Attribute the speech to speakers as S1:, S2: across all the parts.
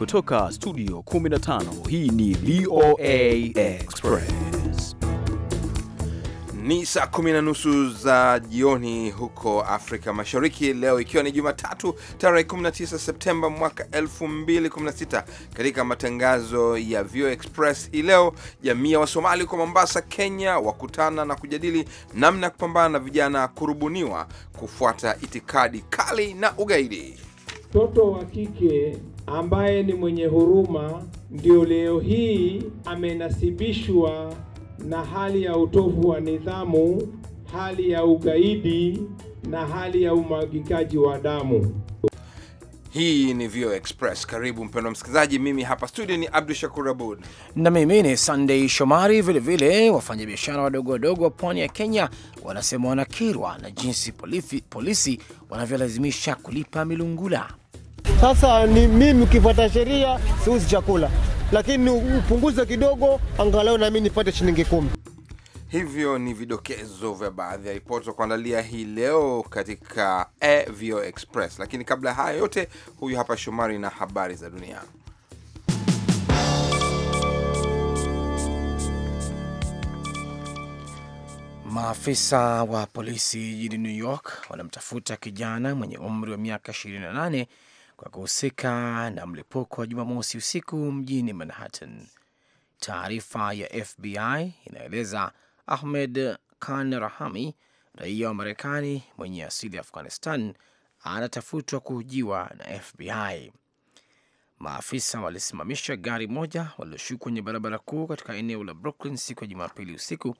S1: Kutoka studio 15 hii ni VOA Express. Ni saa
S2: kumi na nusu za jioni huko Afrika Mashariki, leo ikiwa ni Jumatatu tarehe 19 Septemba mwaka 2016. Katika matangazo ya VOA Express hii leo, jamii ya Wasomali huko Mombasa, Kenya wakutana na kujadili namna ya kupambana na vijana kurubuniwa kufuata itikadi kali na ugaidi.
S3: Mtoto wa kike ambaye ni mwenye huruma, ndio leo hii amenasibishwa na hali ya utovu wa nidhamu, hali ya ugaidi na hali ya umwagikaji wa damu.
S2: Hii ni VOA Express. Karibu mpendwa msikilizaji, mimi hapa studio ni Abdu Shakur
S4: Abud na mimi ni Sunday Shomari. Vilevile, wafanyabiashara wadogo wadogo wa pwani ya Kenya wanasema wanakirwa na jinsi polisi, polisi wanavyolazimisha kulipa milungula. Sasa ni mimi, ukifuata sheria siuzi chakula, lakini
S5: upunguze kidogo, angalau nami nipate shilingi kumi.
S2: Hivyo ni vidokezo vya baadhi ya ripoti za kuandalia hii leo katika Avo Express, lakini kabla ya haya yote, huyu hapa Shomari na habari za dunia.
S4: Maafisa wa polisi jijini New York wanamtafuta kijana mwenye umri wa miaka 28 kwa kuhusika na mlipuko wa Jumamosi usiku mjini Manhattan. Taarifa ya FBI inaeleza Ahmed Khan Rahami, raia wa Marekani mwenye asili ya Afghanistan, anatafutwa kuhojiwa na FBI. Maafisa walisimamisha gari moja walioshuku kwenye barabara kuu katika eneo la Brooklyn siku ya Jumapili usiku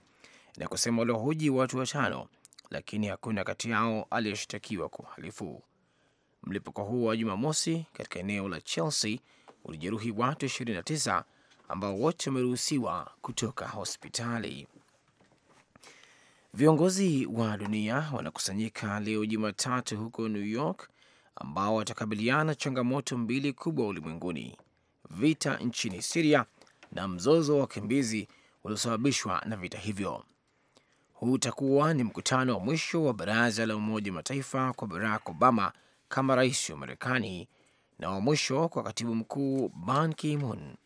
S4: na kusema waliohoji watu watano, lakini hakuna kati yao aliyeshtakiwa kwa uhalifu. Mlipuko huo wa Jumamosi katika eneo la Chelsea ulijeruhi watu 29 ambao wote wameruhusiwa kutoka hospitali. Viongozi wa dunia wanakusanyika leo Jumatatu huko New York, ambao watakabiliana changamoto mbili kubwa ulimwenguni: vita nchini Siria na mzozo wa wakimbizi uliosababishwa na vita hivyo. Huu utakuwa ni mkutano wa mwisho wa baraza la Umoja Mataifa kwa Barack Obama kama rais wa Marekani na wa mwisho kwa katibu mkuu Ban Ki-moon.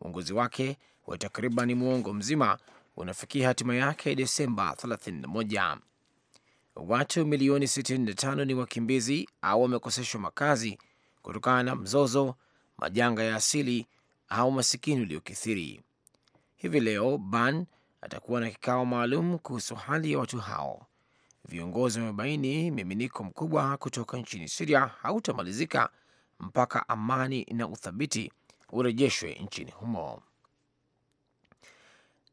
S4: Uongozi wake wa takriban muongo mzima unafikia hatima yake Desemba 31. Watu milioni 65 ni wakimbizi au wamekoseshwa makazi kutokana na mzozo, majanga ya asili au masikini uliokithiri. Hivi leo Ban atakuwa na kikao maalum kuhusu hali ya watu hao viongozi wamebaini miminiko mkubwa kutoka nchini Siria hautamalizika mpaka amani na uthabiti urejeshwe nchini humo.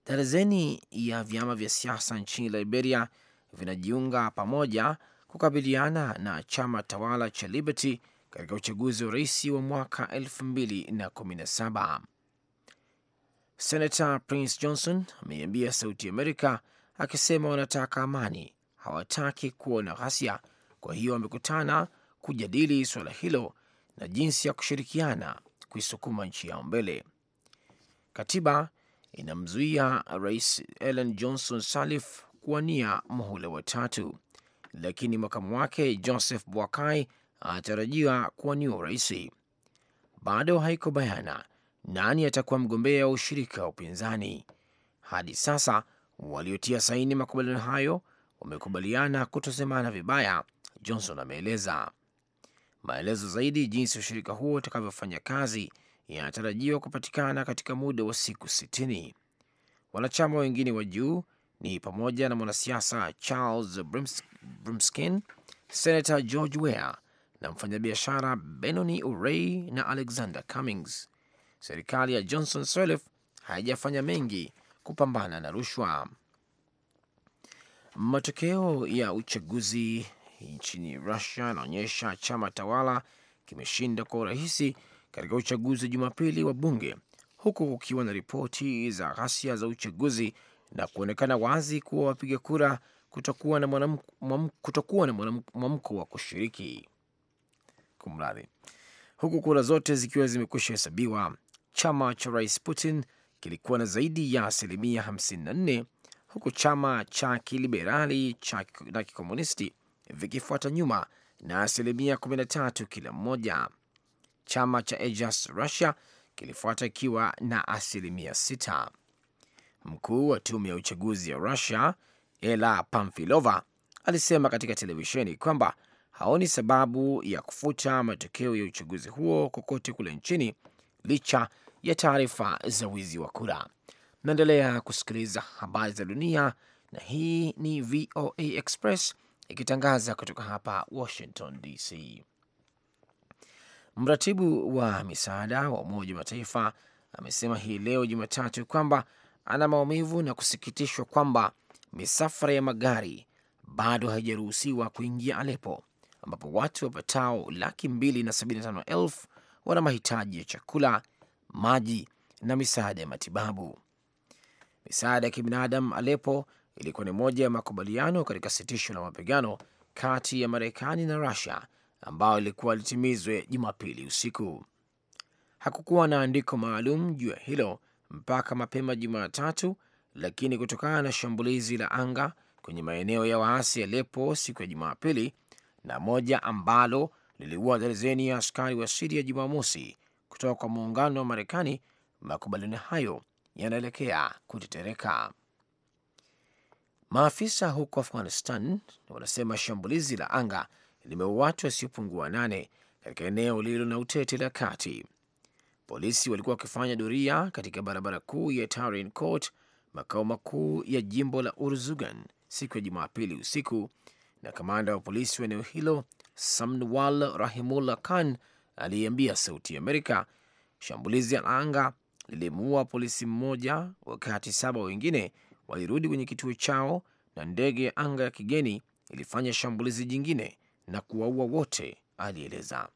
S4: Darazeni ya vyama vya siasa nchini Liberia vinajiunga pamoja kukabiliana na chama tawala cha Liberty katika uchaguzi wa rais wa mwaka 2017. Senator Prince Johnson ameiambia Sauti Amerika akisema wanataka amani hawataki kuona ghasia, kwa hiyo wamekutana kujadili suala hilo na jinsi ya kushirikiana kuisukuma nchi yao mbele. Katiba inamzuia Rais Ellen Johnson Sirleaf kuwania muhula wa tatu, lakini makamu wake Joseph Boakai anatarajiwa kuwania uraisi. Bado haiko bayana nani atakuwa mgombea wa ushirika wa upinzani. Hadi sasa waliotia saini makubaliano hayo wamekubaliana kutosemana vibaya, Johnson ameeleza. Maelezo zaidi jinsi ushirika huo utakavyofanya kazi yanatarajiwa kupatikana katika muda wa siku sitini. Wanachama wengine wa juu ni pamoja na mwanasiasa Charles Brimskin, Senator George Weah na mfanyabiashara Benoni Urey na Alexander Cummings. Serikali ya Johnson Sirleaf haijafanya mengi kupambana na rushwa. Matokeo ya uchaguzi nchini Rusia yanaonyesha chama tawala kimeshinda kwa urahisi katika uchaguzi Jumapili wa bunge, huku kukiwa na ripoti za ghasia za uchaguzi na kuonekana wazi kuwa wapiga kura kutokuwa na mwamko wa kushiriki. Kumradhi, huku kura zote zikiwa zimekwisha hesabiwa, chama cha rais Putin kilikuwa na zaidi ya asilimia 54 huku chama cha kiliberali na kikomunisti vikifuata nyuma na asilimia 13 kila mmoja. Chama cha Ajas Russia kilifuata ikiwa na asilimia 6. Mkuu wa tume ya uchaguzi ya Russia Ela Pamfilova alisema katika televisheni kwamba haoni sababu ya kufuta matokeo ya uchaguzi huo kokote kule nchini licha ya taarifa za wizi wa kura. Naendelea kusikiliza habari za dunia, na hii ni VOA Express ikitangaza kutoka hapa Washington DC. Mratibu wa misaada wa Umoja wa Mataifa amesema hii leo Jumatatu kwamba ana maumivu na kusikitishwa kwamba misafara ya magari bado haijaruhusiwa kuingia Alepo, ambapo watu wapatao laki mbili na sabini na tano elfu wana mahitaji ya chakula, maji na misaada ya matibabu. Misaada ya kibinadamu Alepo ilikuwa ni moja ya makubaliano katika sitisho la mapigano kati ya Marekani na Rusia ambayo ilikuwa litimizwe Jumapili usiku. Hakukuwa na andiko maalum juu ya hilo mpaka mapema Jumatatu, lakini kutokana na shambulizi la anga kwenye maeneo ya waasi Alepo siku ya Jumapili na moja ambalo liliua darzeni ya askari wa Siria Jumamosi kutoka kwa muungano wa Marekani, makubaliano hayo yanaelekea kutetereka. Maafisa huko Afghanistan wanasema shambulizi la anga limeua watu wasiopungua nane katika eneo lililo na utete la kati. Polisi walikuwa wakifanya doria katika barabara kuu ya Tarin Court, makao makuu ya jimbo la Urzugan, siku ya Jumapili usiku, na kamanda wa polisi wa eneo hilo Samnwal Rahimullah Khan aliyeambia Sauti ya Amerika shambulizi la anga lilimuua polisi mmoja, wakati saba wengine walirudi kwenye kituo chao, na ndege ya anga ya kigeni ilifanya shambulizi jingine na kuwaua wote, alieleza.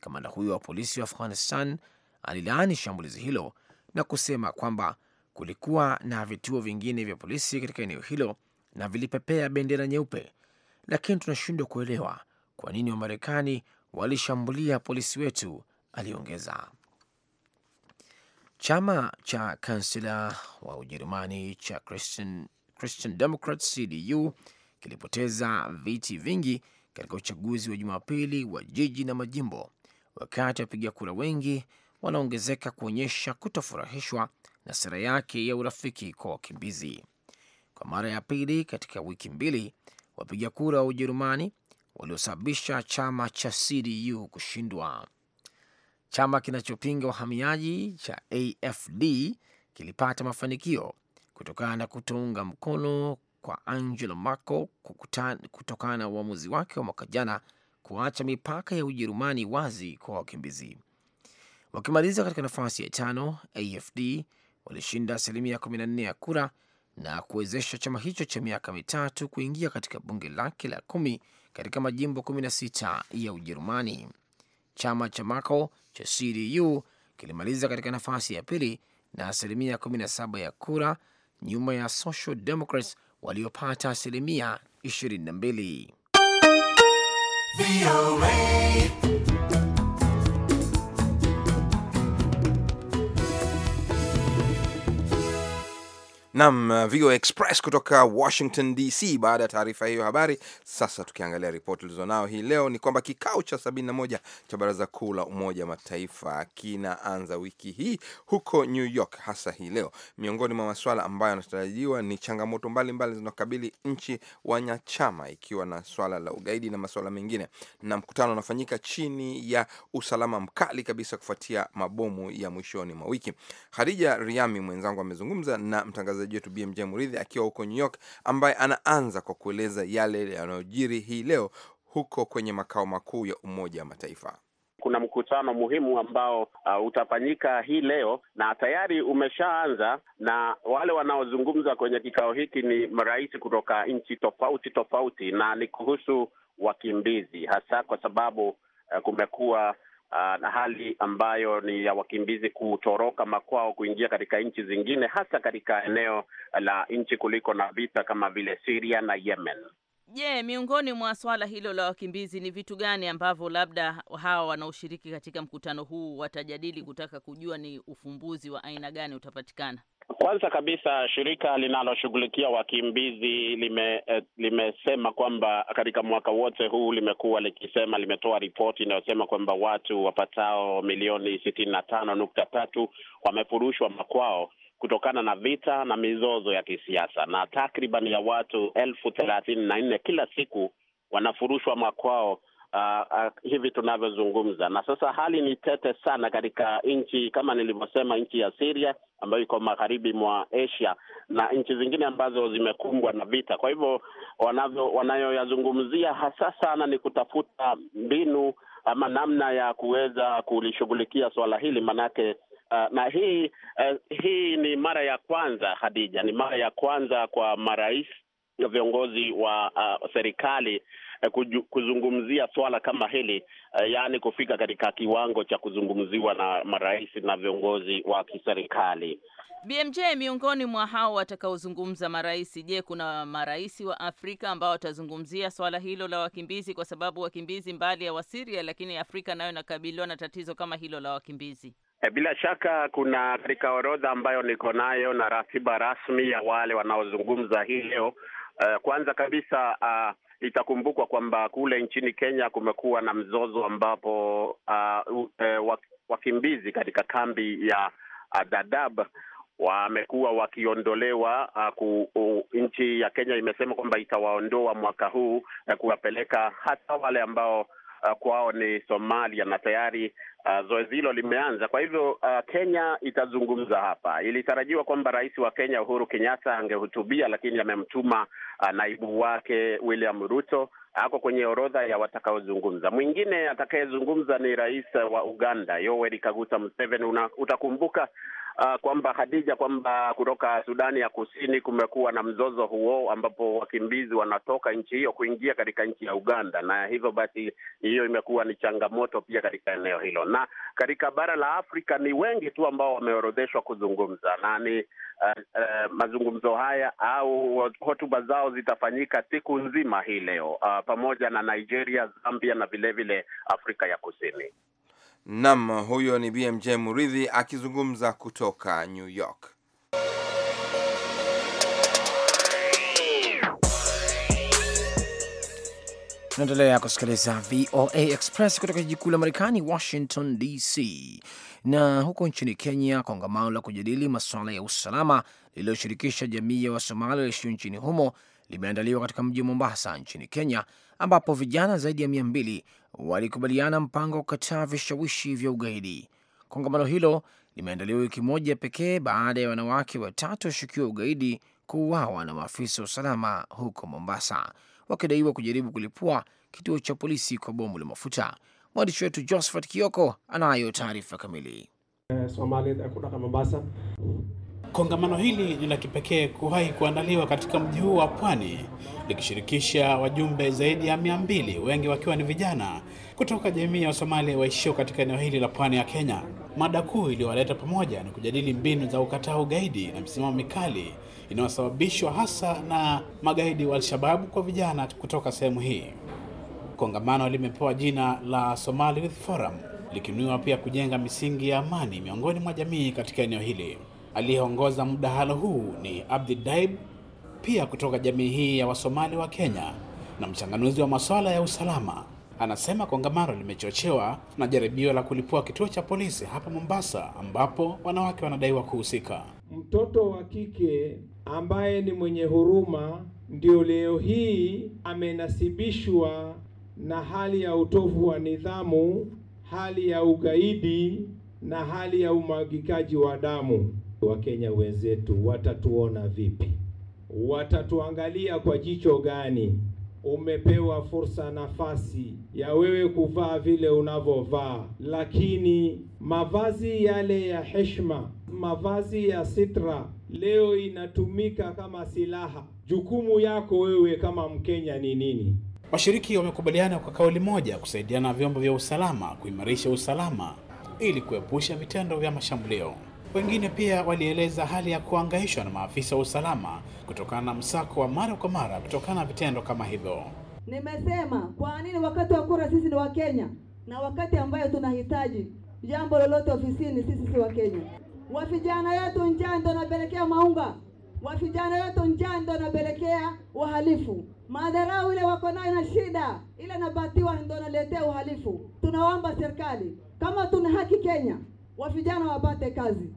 S4: Kamanda huyo wa polisi wa Afghanistan alilaani shambulizi hilo na kusema kwamba kulikuwa na vituo vingine vya polisi katika eneo hilo na vilipepea bendera nyeupe, lakini tunashindwa kuelewa kwa nini Wamarekani walishambulia polisi wetu, aliongeza. Chama cha kansela wa Ujerumani cha Christian, Christian Democrat CDU kilipoteza viti vingi katika uchaguzi wa Jumapili wa jiji na majimbo, wakati wapiga kura wengi wanaongezeka kuonyesha kutofurahishwa na sera yake ya urafiki kwa wakimbizi. Kwa mara ya pili katika wiki mbili, wapiga kura wa Ujerumani waliosababisha chama cha CDU kushindwa. Chama kinachopinga uhamiaji cha AFD kilipata mafanikio kutokana na kutounga mkono kwa Angela Merkel kutokana na uamuzi wake wa mwaka jana kuacha mipaka ya Ujerumani wazi kwa wakimbizi. Wakimaliza katika nafasi ya tano, AFD walishinda asilimia 14 ya kura na kuwezesha chama hicho cha miaka mitatu kuingia katika bunge lake la kumi katika majimbo 16 ya Ujerumani. Chama cha Mako cha CDU kilimaliza katika nafasi ya pili na asilimia 17 ya kura nyuma ya Social Democrats waliopata asilimia 22.
S2: Nam uh, VOA Express kutoka Washington DC. Baada ya taarifa hiyo habari, sasa tukiangalia ripoti tulizonao hii leo ni kwamba kikao cha 71 cha baraza kuu la Umoja wa Mataifa kinaanza wiki hii huko New York, hasa hii leo. Miongoni mwa masuala ambayo yanatarajiwa ni changamoto mbalimbali zinaokabili nchi wanachama, ikiwa na swala la ugaidi na masuala mengine, na mkutano unafanyika chini ya usalama mkali kabisa kufuatia mabomu ya mwishoni mwa wiki. hadija Riami mwenzangu amezungumza na mtangazaji mtangazaji wetu BMJ Muridhi akiwa huko New York, ambaye anaanza kwa kueleza yale yanayojiri hii leo huko kwenye makao makuu ya Umoja wa
S6: Mataifa. Kuna mkutano muhimu ambao uh, utafanyika hii leo na tayari umeshaanza, na wale wanaozungumza kwenye kikao hiki ni marais kutoka nchi tofauti tofauti, na ni kuhusu wakimbizi hasa, kwa sababu uh, kumekuwa Ah, na hali ambayo ni ya wakimbizi kutoroka makwao kuingia katika nchi zingine, hasa katika eneo la nchi kuliko na vita kama vile Syria na Yemen.
S7: Je, yeah, miongoni mwa swala hilo la wakimbizi ni vitu gani ambavyo labda hawa wanaoshiriki katika mkutano huu watajadili kutaka kujua ni ufumbuzi wa aina gani utapatikana?
S6: Kwanza kabisa shirika linaloshughulikia wakimbizi lime, eh, limesema kwamba katika mwaka wote huu limekuwa likisema, limetoa ripoti inayosema kwamba watu wapatao milioni sitini na tano nukta tatu wamefurushwa makwao kutokana na vita na mizozo ya kisiasa na takriban ya watu elfu thelathini na nne kila siku wanafurushwa makwao Uh, hivi tunavyozungumza na sasa, hali ni tete sana katika nchi kama nilivyosema, nchi ya Syria ambayo iko magharibi mwa Asia na nchi zingine ambazo zimekumbwa na vita. Kwa hivyo wanavyo wanayoyazungumzia hasa sana ni kutafuta mbinu ama namna ya kuweza kulishughulikia suala hili manake Uh, na hii uh, hii ni mara ya kwanza Khadija, ni mara ya kwanza kwa marais viongozi wa uh, serikali Eh, kuju, kuzungumzia swala kama hili uh, yaani kufika katika kiwango cha kuzungumziwa na marais na viongozi wa kiserikali.
S7: BMJ, miongoni mwa hao watakaozungumza marais, je, kuna marais wa Afrika ambao watazungumzia swala hilo la wakimbizi? Kwa sababu wakimbizi mbali ya Wasiria, lakini Afrika nayo inakabiliwa na tatizo kama hilo la wakimbizi.
S6: Eh, bila shaka kuna katika orodha ambayo niko nayo na ratiba rasmi ya wale wanaozungumza hii leo. Uh, kwanza kabisa uh, Itakumbukwa kwamba kule nchini Kenya kumekuwa na mzozo ambapo uh, uh, wakimbizi katika kambi ya uh, Dadaab wamekuwa wakiondolewa uh, ku, uh, nchi ya Kenya imesema kwamba itawaondoa mwaka huu uh, kuwapeleka hata wale ambao uh, kwao ni Somalia na tayari uh, zoezi hilo limeanza. Kwa hivyo uh, Kenya itazungumza hapa. Ilitarajiwa kwamba rais wa Kenya Uhuru Kenyatta angehutubia, lakini amemtuma uh, naibu wake William Ruto ako kwenye orodha ya watakaozungumza. Mwingine atakayezungumza ni rais wa Uganda Yoweri Kaguta Museveni. utakumbuka uh, kwamba hadija kwamba kutoka Sudani ya Kusini kumekuwa na mzozo huo ambapo wakimbizi wanatoka nchi hiyo kuingia katika nchi ya Uganda, na hivyo basi hiyo imekuwa ni changamoto pia katika eneo hilo, na katika bara la Afrika ni wengi tu ambao wameorodheshwa kuzungumza na ni uh, uh, mazungumzo haya au hotuba zao zitafanyika siku nzima hii leo uh, pamoja na Nigeria, Zambia na vilevile Afrika ya
S8: Kusini.
S2: Nam, huyo ni BMJ Muridhi akizungumza kutoka New
S4: York. Tunaendelea kusikiliza VOA Express kutoka jiji kuu la Marekani, Washington DC. Na huko nchini Kenya, kongamano la kujadili masuala ya usalama lililoshirikisha jamii ya Wasomali waishio nchini humo limeandaliwa katika mji wa Mombasa nchini Kenya, ambapo vijana zaidi ya mia mbili walikubaliana mpango wa kukataa vishawishi vya ugaidi. Kongamano hilo limeandaliwa wiki moja pekee baada ya wanawake watatu washukiwa ugaidi kuuawa na maafisa wa usalama huko Mombasa, wakidaiwa kujaribu kulipua kituo cha polisi kwa bomu la mafuta. Mwandishi
S1: wetu Josephat Kioko anayo taarifa kamili.
S6: Eh, Somalia, eh,
S1: Kongamano hili ni la kipekee kuwahi kuandaliwa katika mji huu wa Pwani likishirikisha wajumbe zaidi ya mia mbili, wengi wakiwa ni vijana kutoka jamii ya Wasomali waishio katika eneo hili la Pwani ya Kenya. Mada kuu iliyowaleta pamoja ni kujadili mbinu za ukataa ugaidi na misimamo mikali inayosababishwa hasa na magaidi wa Alshababu kwa vijana kutoka sehemu hii. Kongamano limepewa jina la Somali Youth Forum likinuiwa pia kujenga misingi ya amani miongoni mwa jamii katika eneo hili. Aliyeongoza mdahalo huu ni Abdi Daib, pia kutoka jamii hii ya Wasomali wa Kenya na mchanganuzi wa masuala ya usalama. Anasema kongamano limechochewa na jaribio la kulipua kituo cha polisi hapa Mombasa, ambapo wanawake wanadaiwa kuhusika.
S3: Mtoto wa kike ambaye ni mwenye huruma ndio leo hii amenasibishwa na hali ya utovu wa nidhamu, hali ya ugaidi na hali ya umwagikaji wa damu. Wakenya wenzetu watatuona vipi? Watatuangalia kwa jicho gani? Umepewa fursa, nafasi ya wewe kuvaa vile unavyovaa, lakini mavazi yale ya heshima, mavazi ya sitra leo inatumika kama silaha. Jukumu yako wewe
S1: kama Mkenya ni nini? Washiriki wamekubaliana kwa kauli moja kusaidiana vyombo vya usalama kuimarisha usalama ili kuepusha vitendo vya mashambulio. Wengine pia walieleza hali ya kuangaishwa na maafisa wa usalama kutokana na msako wa mara kwa mara kutokana na vitendo kama hivyo.
S2: Nimesema kwa nini wakati wa kura sisi ni Wakenya, na wakati ambayo tunahitaji jambo lolote ofisini sisi si wa kenya vijana wetu
S8: njaa ndo wanapelekea maunga, wa wetu njaa ndo wanapelekea uhalifu. Madharau ile wako nayo na shida ile napatiwa ndo naletea uhalifu. Tunaomba
S2: serikali kama tuna haki Kenya wa vijana wapate kazi.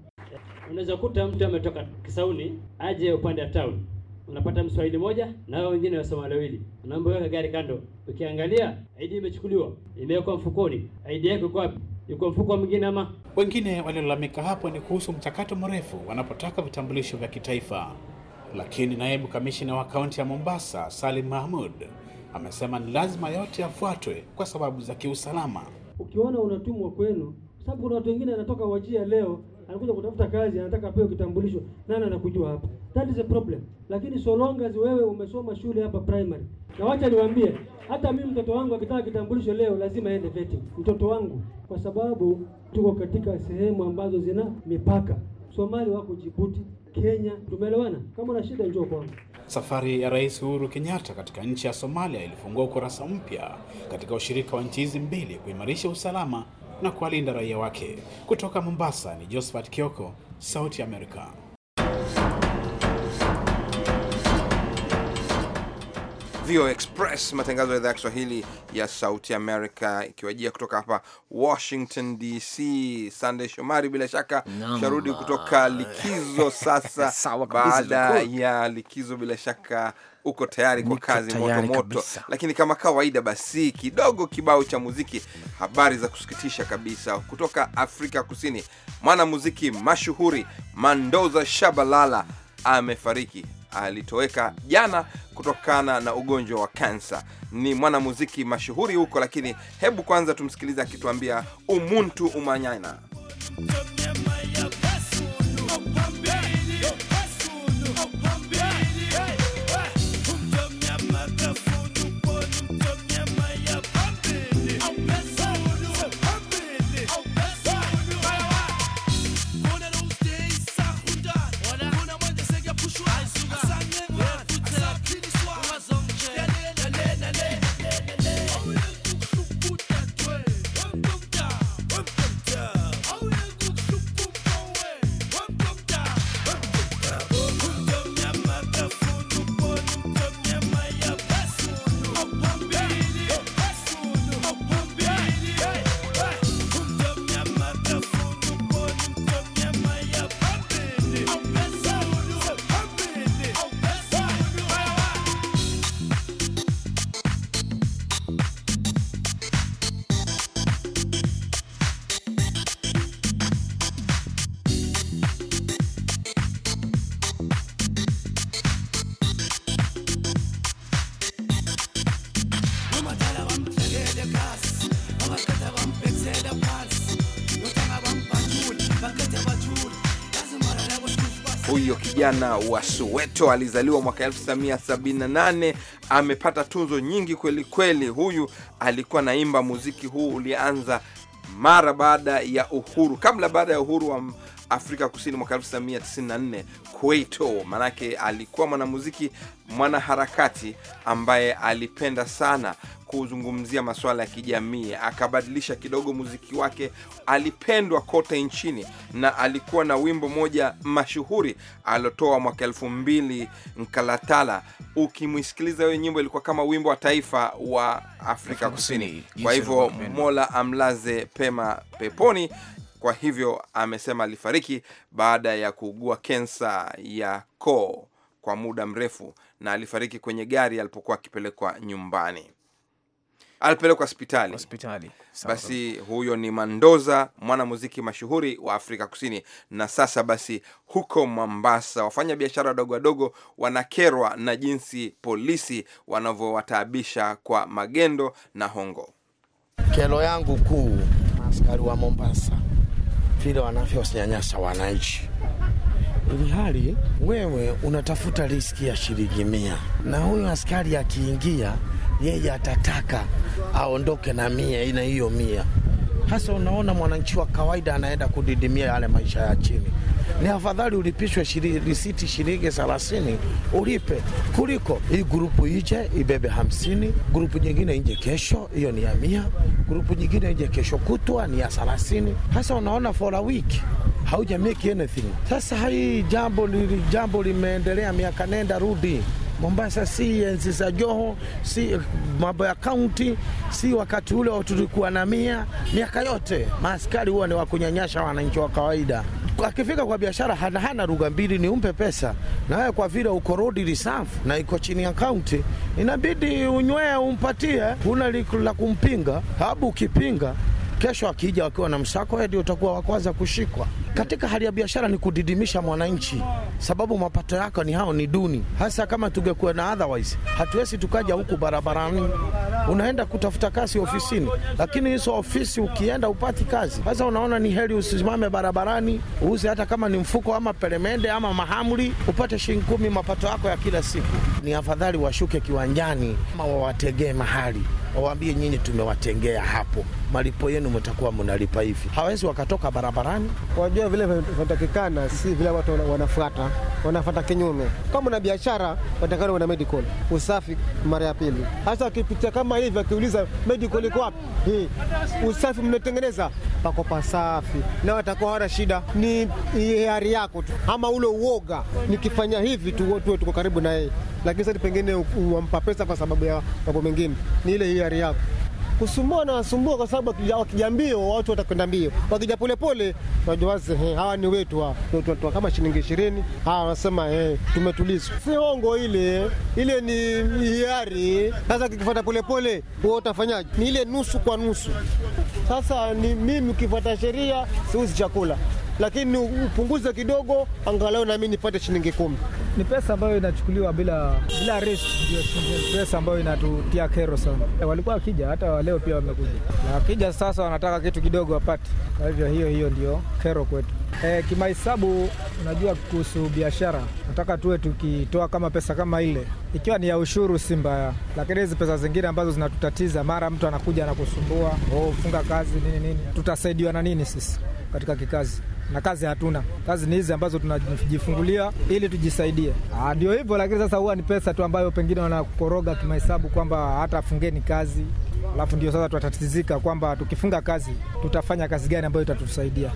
S1: Unaweza kuta mtu ametoka Kisauni aje upande wa town, unapata Mswahili moja na wao wengine Wasomali wawili, unaomba weka gari kando. Ukiangalia ID imechukuliwa, imewekwa mfukoni. ID yako iko wapi? Yuko mfuko mwingine ama? Wengine waliolalamika hapo ni kuhusu mchakato mrefu wanapotaka vitambulisho vya kitaifa, lakini naibu kamishina wa kaunti ya Mombasa Salim Mahmud amesema ni lazima yote yafuatwe kwa sababu za kiusalama.
S5: Ukiona unatumwa kwenu sababu kuna watu wengine anatoka Wajia leo anakuja kutafuta kazi, anataka apewe kitambulisho. Nani anakujua hapa? That is a problem, lakini so long as wewe umesoma shule hapa primary. Na wacha niwaambie, hata mimi mtoto wangu akitaka kitambulisho leo lazima aende vetting, mtoto wangu, kwa sababu tuko katika sehemu ambazo zina mipaka. Somali wako Jibuti, Kenya, tumeelewana. Kama una shida njoo kwangu.
S1: Safari ya Rais Uhuru Kenyatta katika nchi ya Somalia ilifungua ukurasa mpya katika ushirika wa nchi hizi mbili kuimarisha usalama na kuwalinda raia wake. Kutoka Mombasa ni Josephat Kioko, Sauti ya Amerika.
S2: VOA Express, matangazo ya idhaa ya Kiswahili ya Sauti Amerika, ikiwajia kutoka hapa Washington DC. sandey Shomari, bila shaka sharudi kutoka likizo sasa. Baada ya likizo, bila shaka uko tayari kwa kazi moto moto, lakini kama kawaida, basi kidogo kibao cha muziki. Habari za kusikitisha kabisa kutoka Afrika Kusini, mwanamuziki mashuhuri Mandoza Shabalala amefariki. Alitoweka jana kutokana na ugonjwa wa kansa. Ni mwanamuziki mashuhuri huko, lakini hebu kwanza tumsikilize akituambia umuntu umanyana kijana wa Soweto, alizaliwa mwaka 1978. Amepata tunzo nyingi kweli kweli. Huyu alikuwa naimba muziki huu ulianza mara baada ya uhuru, kabla baada ya uhuru wa Afrika Kusini mwaka 1994 Kwaito. Manake alikuwa mwanamuziki mwanaharakati ambaye alipenda sana kuzungumzia masuala ya kijamii, akabadilisha kidogo muziki wake. Alipendwa kote nchini na alikuwa na wimbo moja mashuhuri aliotoa mwaka elfu mbili Nkalatala. Ukimwisikiliza hiyo nyimbo, ilikuwa kama wimbo wa taifa wa
S4: Afrika Kusini. Kwa hivyo
S2: Mola amlaze pema peponi kwa hivyo amesema alifariki baada ya kuugua kensa ya koo kwa muda mrefu, na alifariki kwenye gari alipokuwa akipelekwa nyumbani alipelekwa hospitali hospitali. Basi huyo ni Mandoza, mwanamuziki mashuhuri wa Afrika Kusini. Na sasa basi, huko Mombasa, wafanya biashara wadogo wadogo wanakerwa na jinsi polisi wanavyowataabisha kwa magendo na hongo. Kero yangu kuu,
S9: askari wa Mombasa vile wanavyonyanyasa wananchi ili hali wewe unatafuta riski ya shilingi mia, na huyu askari akiingia, yeye atataka aondoke na mia ina hiyo mia. Hasa unaona mwananchi wa kawaida anaenda kudidimia yale maisha ya chini. Ni afadhali ulipishwe risiti shilingi thelathini ulipe kuliko hii grupu ije ibebe hamsini, grupu nyingine ije kesho, hiyo ni ya mia, grupu nyingine ije kesho kutwa ni ya thelathini. Hasa unaona for a week hauja make anything. Sasa hii jambo, jambo limeendelea miaka nenda rudi. Mombasa si enzi za Joho, si mambo ya kaunti, si wakati ule tulikuwa na mia. Miaka yote maaskari huwa ni wakunyanyasha wananchi wa kawaida. Akifika kwa biashara hana, hana lugha mbili, ni umpe pesa na wewe, kwa vile uko road reserve na iko chini ya kaunti, inabidi unywee umpatie, huna la kumpinga, sababu ukipinga Kesho akija wakiwa na msako, wewe ndio utakuwa wa kwanza kushikwa. Katika hali ya biashara ni kudidimisha mwananchi, sababu mapato yako ni hao ni duni. Hasa kama tungekuwa na otherwise, hatuwezi tukaja huku barabarani, unaenda kutafuta kazi ofisini, lakini hizo ofisi ukienda upati kazi. Sasa unaona ni heri usimame barabarani uuze hata kama ni mfuko ama peremende ama mahamri, upate shilingi kumi, mapato yako ya kila siku. Ni afadhali washuke kiwanjani ama wawategee mahali, wawaambie nyinyi tumewatengea hapo malipo yenu mtakuwa mnalipa hivi. Hawezi wakatoka barabarani
S5: wajua vile vinatakikana, si vile watu wanafuata wanafuata kinyume. Kama na biashara watakana wana medical usafi mara ya pili, hasa akipitia kama hivi akiuliza medical iko wapi, hii usafi mnatengeneza pako pasafi, na watakuwa hawana shida. Ni hiari yako tu ama ule uoga, nikifanya hivi tu tuwe tuko karibu na yeye, lakini sasa pengine wampa pesa kwa sababu ya mambo mengine, ni ile hiari yako kusumbua na wasumbua, kwa sababu wakija mbio watu watakwenda mbio, wakija polepole wajawazi eh, hawa ni wetu, tunatoa kama shilingi ishirini. Hawa wanasema eh, tumetulizwa, si hongo ile ile, ni hiari. Sasa kikifuata polepole, huwa utafanyaje? Ni ile nusu kwa nusu. Sasa ni mimi, ukifuata sheria siuzi chakula lakini upunguze kidogo, angalau
S7: nami nipate shilingi kumi. Ni pesa ambayo inachukuliwa bila bila risk, ndio pesa ambayo inatutia kero sana. Eh, walikuwa wakija, hata leo pia wamekuja, na wakija sasa wanataka kitu kidogo wapate. Kwa hivyo hiyo hiyo ndio kero kwetu. E, kimahesabu, unajua kuhusu biashara, nataka tuwe tukitoa kama pesa kama ile, ikiwa ni ya ushuru si mbaya, lakini hizi pesa zingine ambazo zinatutatiza, mara mtu anakuja anakusumbua, oh, funga kazi nini nini, tutasaidiwa na nini sisi katika kikazi? na kazi hatuna. Kazi ni hizi ambazo tunajifungulia ili tujisaidie. Ah, ndio hivyo, lakini sasa huwa ni pesa tu ambayo pengine wanakoroga kimahesabu kwamba hata fungeni kazi alafu ndio sasa tutatatizika kwamba tukifunga kazi tutafanya kazi gani ambayo itatusaidia.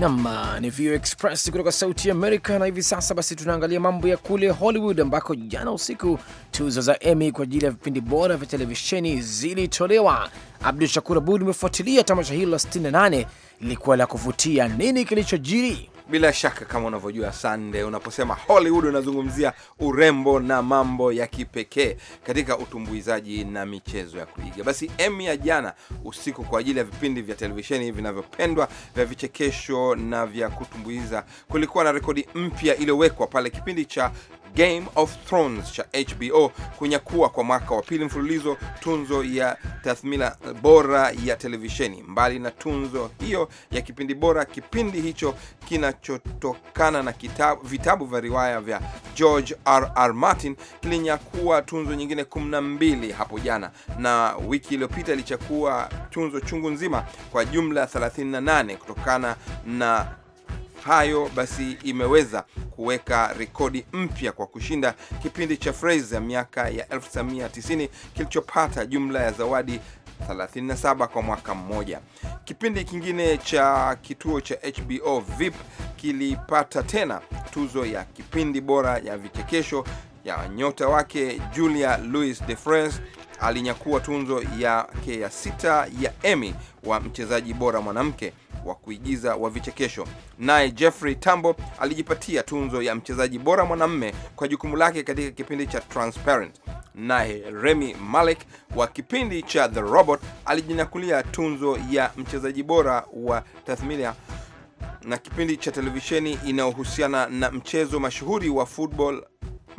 S4: Nam uh, ni VOA Express kutoka Sauti ya Amerika. Na hivi sasa basi, tunaangalia mambo ya kule Hollywood ambako jana usiku tuzo za Emmy kwa ajili ya vipindi bora vya televisheni zilitolewa. abdu Shakur Abud, umefuatilia tamasha hilo la 68 lilikuwa la kuvutia. Nini kilichojiri? Bila shaka kama unavyojua Sande,
S2: unaposema Hollywood unazungumzia urembo na mambo ya kipekee katika utumbuizaji na michezo ya kuiga. Basi Emmy ya jana usiku kwa ajili ya vipindi vya televisheni vinavyopendwa vya vichekesho na vya kutumbuiza, kulikuwa na rekodi mpya iliyowekwa pale kipindi cha Game of Thrones cha HBO kunyakua kwa mwaka wa pili mfululizo tunzo ya tathmila bora ya televisheni. Mbali na tunzo hiyo ya kipindi bora, kipindi hicho kinachotokana na kitabu, vitabu vya riwaya vya George R. R. Martin kilinyakua tunzo nyingine 12 hapo jana, na wiki iliyopita ilichakua tunzo chungu nzima kwa jumla 38 kutokana na hayo basi imeweza kuweka rekodi mpya kwa kushinda kipindi cha Fraser miaka ya 1990 kilichopata jumla ya zawadi 37 kwa mwaka mmoja. Kipindi kingine cha kituo cha HBO VIP kilipata tena tuzo ya kipindi bora ya vichekesho ya nyota wake Julia Louis-Dreyfus alinyakua tunzo yake ya sita ya Emmy wa mchezaji bora mwanamke wa kuigiza wa vichekesho. Naye Jeffrey Tambo alijipatia tunzo ya mchezaji bora mwanamme kwa jukumu lake katika kipindi cha Transparent. Naye Remy Malek wa kipindi cha The Robot alijinyakulia tunzo ya mchezaji bora wa tathmilia na kipindi cha televisheni inayohusiana na mchezo mashuhuri wa football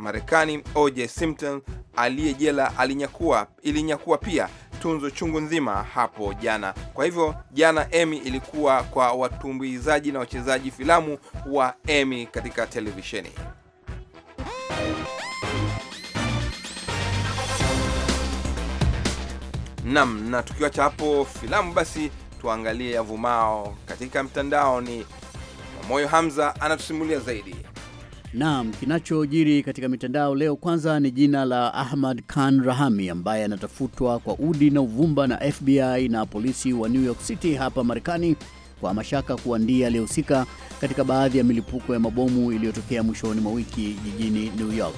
S2: Marekani OJ Simpson aliyejela alinyakua ilinyakua pia tunzo chungu nzima hapo jana. Kwa hivyo jana Emmy ilikuwa kwa watumbuizaji na wachezaji filamu wa Emmy katika televisheni. Nam, na tukiwacha hapo filamu, basi tuangalie yavumao katika mtandao. Ni Mamoyo Hamza anatusimulia zaidi.
S8: Naam, kinachojiri katika mitandao leo kwanza ni jina la Ahmad Khan Rahami ambaye anatafutwa kwa udi na uvumba na FBI na polisi wa New York City hapa Marekani kwa mashaka kuwa ndiye aliyehusika katika baadhi ya milipuko ya mabomu iliyotokea mwishoni mwa wiki jijini New York.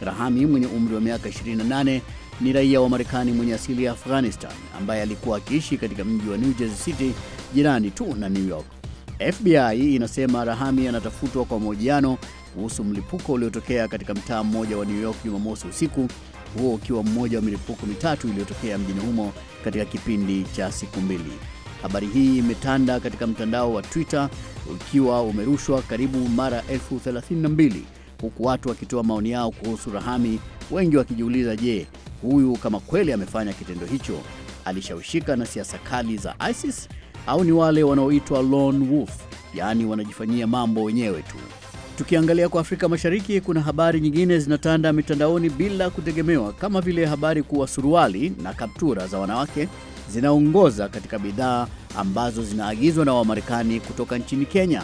S8: Rahami mwenye umri wa miaka 28 ni raia wa Marekani mwenye asili ya Afghanistan ambaye alikuwa akiishi katika mji wa New Jersey City jirani tu na New York. FBI inasema Rahami anatafutwa kwa mahojiano kuhusu mlipuko uliotokea katika mtaa mmoja wa New York Jumamosi usiku, huo ukiwa mmoja wa milipuko mitatu iliyotokea mjini humo katika kipindi cha siku mbili. Habari hii imetanda katika mtandao wa Twitter ukiwa umerushwa karibu mara elfu thelathini na mbili huku watu wakitoa maoni yao kuhusu Rahami, wengi wakijiuliza, je, huyu kama kweli amefanya kitendo hicho, alishawishika na siasa kali za ISIS au ni wale wanaoitwa lone wolf, yaani wanajifanyia mambo wenyewe tu? Tukiangalia kwa Afrika Mashariki, kuna habari nyingine zinatanda mitandaoni bila kutegemewa, kama vile habari kuwa suruali na kaptura za wanawake zinaongoza katika bidhaa ambazo zinaagizwa na Wamarekani kutoka nchini Kenya.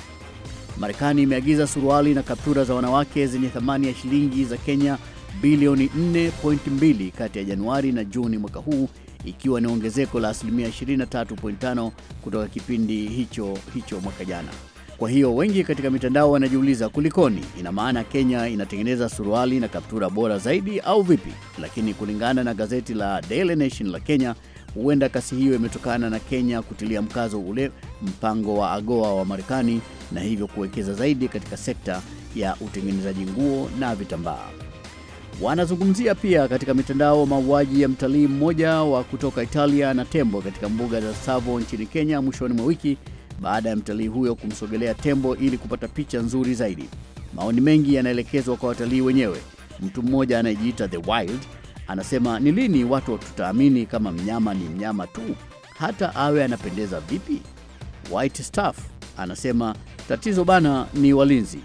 S8: Marekani imeagiza suruali na kaptura za wanawake zenye thamani ya shilingi za Kenya bilioni 4.2 kati ya Januari na Juni mwaka huu, ikiwa ni ongezeko la asilimia 23.5 kutoka kipindi hicho hicho mwaka jana. Kwa hiyo wengi katika mitandao wanajiuliza kulikoni, ina maana Kenya inatengeneza suruali na kaptura bora zaidi au vipi? Lakini kulingana na gazeti la Daily Nation la Kenya, huenda kasi hiyo imetokana na Kenya kutilia mkazo ule mpango wa AGOA wa Marekani na hivyo kuwekeza zaidi katika sekta ya utengenezaji nguo na vitambaa. Wanazungumzia pia katika mitandao mauaji ya mtalii mmoja wa kutoka Italia na tembo katika mbuga za Tsavo nchini Kenya mwishoni mwa wiki baada ya mtalii huyo kumsogelea tembo ili kupata picha nzuri zaidi. Maoni mengi yanaelekezwa kwa watalii wenyewe. Mtu mmoja anayejiita The Wild anasema ni lini watu tutaamini kama mnyama ni mnyama tu, hata awe anapendeza vipi? White Staff anasema tatizo bana ni walinzi.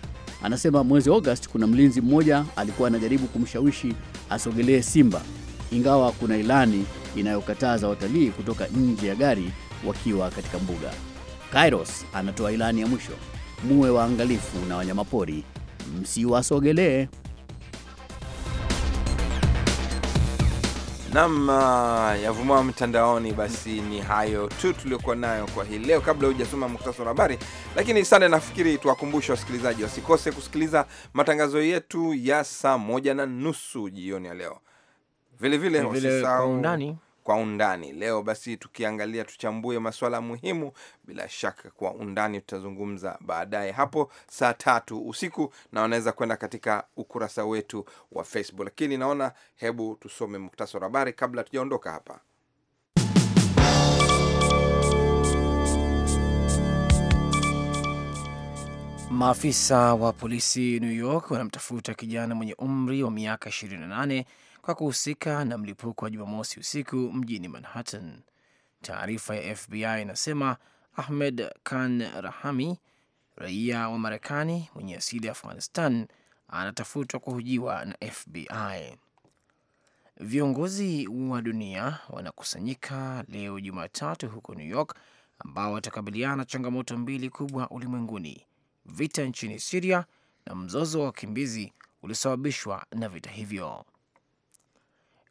S8: Anasema mwezi August kuna mlinzi mmoja alikuwa anajaribu kumshawishi asogelee simba, ingawa kuna ilani inayokataza watalii kutoka nje ya gari wakiwa katika mbuga. Kairos anatoa ilani ya mwisho: muwe waangalifu na wanyamapori, msiwasogelee.
S2: Nam uh, yavuma mtandaoni. Basi ni hayo tu tuliokuwa nayo kwa hii leo, kabla hujasoma muktasari wa habari. Lakini sana nafikiri tuwakumbushe wasikilizaji wasikose kusikiliza matangazo yetu ya saa moja na nusu jioni ya leo, vilevile wasisahau kwa undani leo. Basi tukiangalia, tuchambue masuala muhimu, bila shaka kwa undani tutazungumza baadaye hapo saa tatu usiku, na wanaweza kwenda katika ukurasa wetu wa Facebook. Lakini naona hebu tusome muktasari wa habari
S4: kabla tujaondoka hapa. Maafisa wa polisi New York wanamtafuta kijana mwenye umri wa miaka 28 kwa kuhusika na mlipuko wa Jumamosi usiku mjini Manhattan. Taarifa ya FBI inasema Ahmed Khan Rahami, raia wa Marekani mwenye asili ya Afghanistan, anatafutwa kuhojiwa na FBI. Viongozi wa dunia wanakusanyika leo Jumatatu huko New York, ambao watakabiliana na changamoto mbili kubwa ulimwenguni: vita nchini Siria na mzozo wa wakimbizi uliosababishwa na vita hivyo.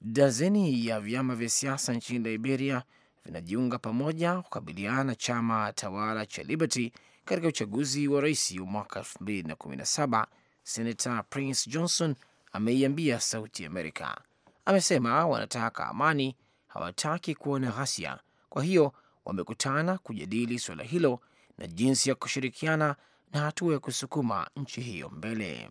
S4: Dazeni ya vyama vya siasa nchini Liberia vinajiunga pamoja kukabiliana na chama tawala cha Liberty katika uchaguzi wa rais wa mwaka 2017. Senata Prince Johnson ameiambia Sauti Amerika, amesema wanataka amani, hawataki kuona ghasia. Kwa hiyo wamekutana kujadili suala hilo na jinsi ya kushirikiana na hatua ya kusukuma nchi hiyo mbele.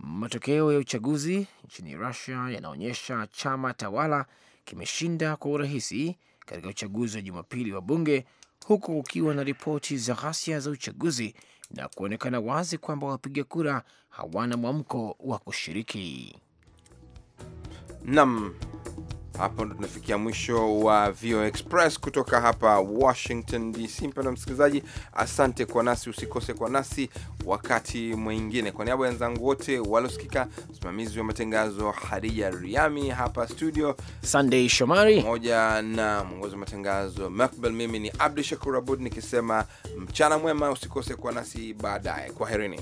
S4: Matokeo ya uchaguzi nchini Rusia yanaonyesha chama tawala kimeshinda kwa urahisi katika uchaguzi wa Jumapili wa bunge huku kukiwa na ripoti za ghasia za uchaguzi na kuonekana wazi kwamba wapiga kura hawana mwamko wa kushiriki.
S2: Nam hapo ndo tunafikia mwisho wa VOA Express kutoka hapa Washington DC. Mpendwa msikilizaji, asante kwa nasi, usikose kwa nasi wakati mwingine. Kwa niaba ya wenzangu wote waliosikika, msimamizi wa matangazo Hadija Riami, hapa studio Sunday Shomari pamoja na mwongozi wa matangazo Macbel, mimi ni Abdu Shakur Abud nikisema mchana mwema, usikose kwa nasi baadaye. Kwaherini.